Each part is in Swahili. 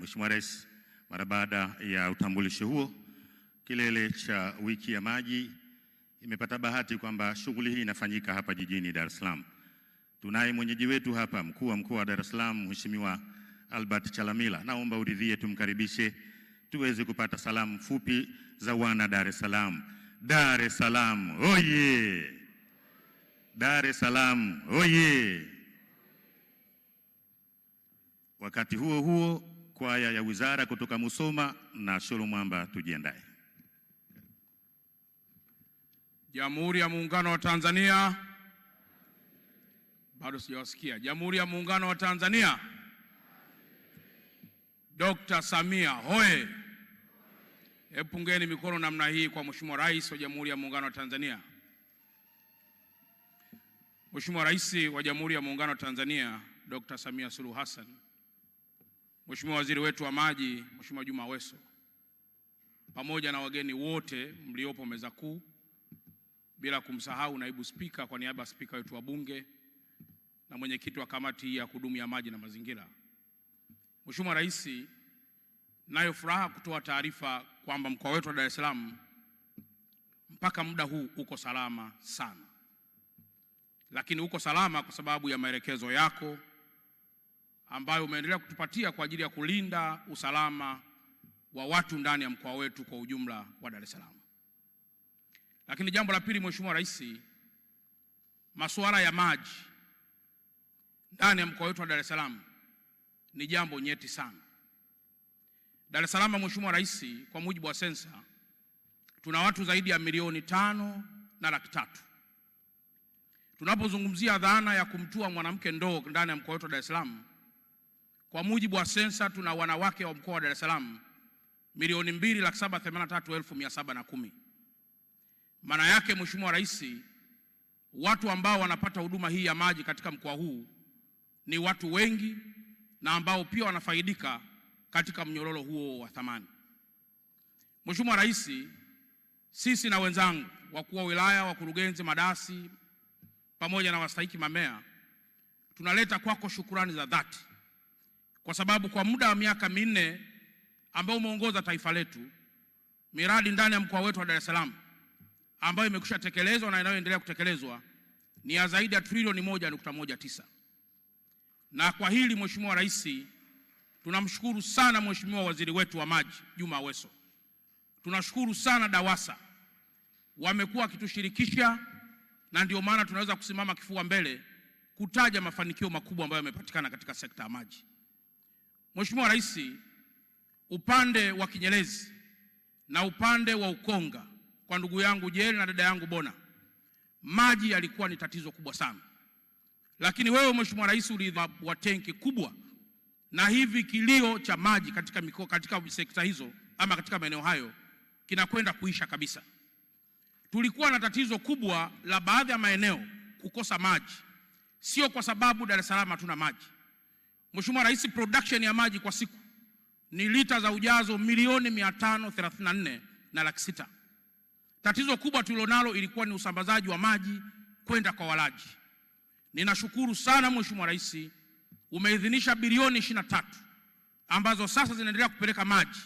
Mheshimiwa Rais, mara baada ya utambulisho huo, kilele cha wiki ya maji imepata bahati kwamba shughuli hii inafanyika hapa jijini Dar es Salaam. Tunaye mwenyeji wetu hapa, mkuu wa mkoa wa Dar es Salaam, Mheshimiwa Albert Chalamila. Naomba uridhie tumkaribishe tuweze kupata salamu fupi za wana Dar es Salaam. Dar es Salaam oye! Dar es Salaam oye! Wakati huo huo kwaya ya wizara kutoka Musoma na Sholo Mwamba. Tujiandae. Jamhuri ya Muungano wa Tanzania. Bado sijawasikia. Jamhuri ya Muungano wa Tanzania. Dr. Samia hoye! Hebu pungeni mikono namna hii kwa Mheshimiwa Rais wa Jamhuri ya Muungano wa Tanzania. Mheshimiwa Rais wa Jamhuri ya Muungano wa Tanzania Dr. Samia Suluhu Hassan Mheshimiwa Waziri wetu wa Maji, Mheshimiwa Juma Aweso, pamoja na wageni wote mliopo meza kuu, bila kumsahau naibu spika kwa niaba ya spika wetu wa Bunge na mwenyekiti wa kamati ya kudumu ya maji na mazingira. Mheshimiwa Rais, nayo furaha kutoa taarifa kwamba mkoa wetu wa Dar es Salaam mpaka muda huu uko salama sana, lakini uko salama kwa sababu ya maelekezo yako ambayo umeendelea kutupatia kwa ajili ya kulinda usalama wa watu ndani ya mkoa wetu kwa ujumla wa Dar es Salaam. Lakini jambo la pili, Mheshimiwa Rais, masuala ya maji ndani ya mkoa wetu wa Dar es Salaam ni jambo nyeti sana. Dar es Salaam, Mheshimiwa Rais, kwa mujibu wa sensa tuna watu zaidi ya milioni tano na laki tatu. Tunapozungumzia dhana ya kumtua mwanamke ndoo ndani ya mkoa wetu wa Dar es Salaam kwa mujibu wa sensa, tuna wanawake wa mkoa wa Dar es Salaam milioni mbili laki saba themanini na tatu elfu mia saba na kumi. Maana yake Mheshimiwa Rais, watu ambao wanapata huduma hii ya maji katika mkoa huu ni watu wengi na ambao pia wanafaidika katika mnyororo huo wa thamani. Mheshimiwa Rais, sisi na wenzangu wakuu wa wilaya, wakurugenzi, madasi pamoja na wastahiki mamea tunaleta kwako shukurani za dhati kwa sababu kwa muda wa miaka minne ambayo umeongoza taifa letu, miradi ndani ya mkoa wetu wa Dar es Salaam ambayo imekwisha tekelezwa na inayoendelea kutekelezwa ni ya zaidi ya trilioni moja nukta moja tisa. Na kwa hili Mheshimiwa Rais, tunamshukuru sana Mheshimiwa Waziri wetu wa Maji Juma Aweso, tunashukuru sana DAWASA, wamekuwa wakitushirikisha na ndio maana tunaweza kusimama kifua mbele kutaja mafanikio makubwa ambayo yamepatikana katika sekta ya maji. Mheshimiwa Rais, upande wa Kinyerezi na upande wa Ukonga kwa ndugu yangu Jeri na dada yangu Bona, maji yalikuwa ni tatizo kubwa sana, lakini wewe Mheshimiwa Rais uliwa tenki kubwa, na hivi kilio cha maji katika mikoa, katika sekta hizo ama katika maeneo hayo kinakwenda kuisha kabisa. Tulikuwa na tatizo kubwa la baadhi ya maeneo kukosa maji, sio kwa sababu Dar es Salaam hatuna maji Mheshimiwa Rais, production ya maji kwa siku ni lita za ujazo milioni 534 na laki sita. Tatizo kubwa tulilonalo ilikuwa ni usambazaji wa maji kwenda kwa walaji. Ninashukuru sana Mheshimiwa Rais, umeidhinisha bilioni 23 ambazo sasa zinaendelea kupeleka maji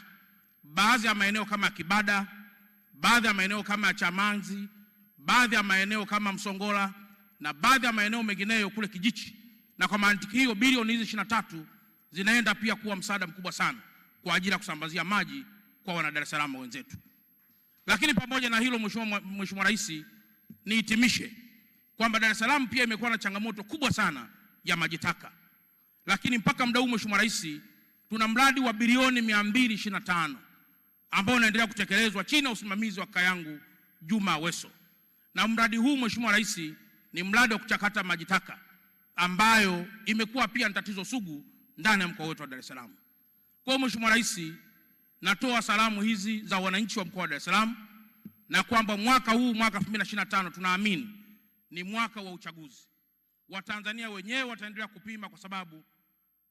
baadhi ya maeneo kama ya Kibada, baadhi ya maeneo kama ya Chamanzi, baadhi ya maeneo kama Msongola na baadhi ya maeneo mengineyo kule Kijichi na kwa mantiki hiyo bilioni hizi ishirini na tatu zinaenda pia kuwa msaada mkubwa sana kwa ajili ya kusambazia maji kwa wana Dar es Salaam wenzetu. Lakini pamoja na hilo, Mheshimiwa Rais, nihitimishe kwamba Dar es Salaam pia imekuwa na changamoto kubwa sana ya maji taka, lakini mpaka muda huu Mheshimiwa Rais, tuna mradi wa bilioni 225 ambao unaendelea kutekelezwa chini ya usimamizi wa kaka yangu Juma Aweso, na mradi huu Mheshimiwa Rais ni mradi wa kuchakata maji taka ambayo imekuwa pia ni tatizo sugu ndani ya mkoa wetu wa Dar es Salaam. Kwa hiyo Mheshimiwa Rais, natoa salamu hizi za wananchi wa mkoa wa Dar es Salaam na kwamba mwaka huu mwaka 2025 tunaamini ni mwaka wa uchaguzi. Watanzania wenyewe wataendelea kupima, kwa sababu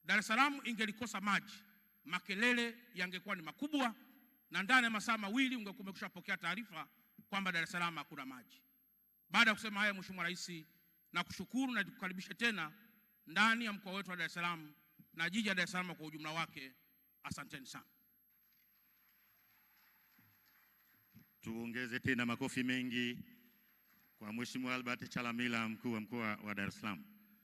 Dar es Salaam ingelikosa maji makelele yangekuwa ni makubwa, na ndani ya masaa mawili ungekuwa umekushapokea taarifa kwamba Dar es Salaam hakuna maji. Baada ya kusema haya, Mheshimiwa Rais na kushukuru na kukaribisha tena ndani ya mkoa wetu wa Dar es Salaam na jiji la Dar es Salaam kwa ujumla wake. Asanteni sana. Tuongeze tena makofi mengi kwa Mheshimiwa Albert Chalamila, mkuu wa mkoa wa Dar es Salaam.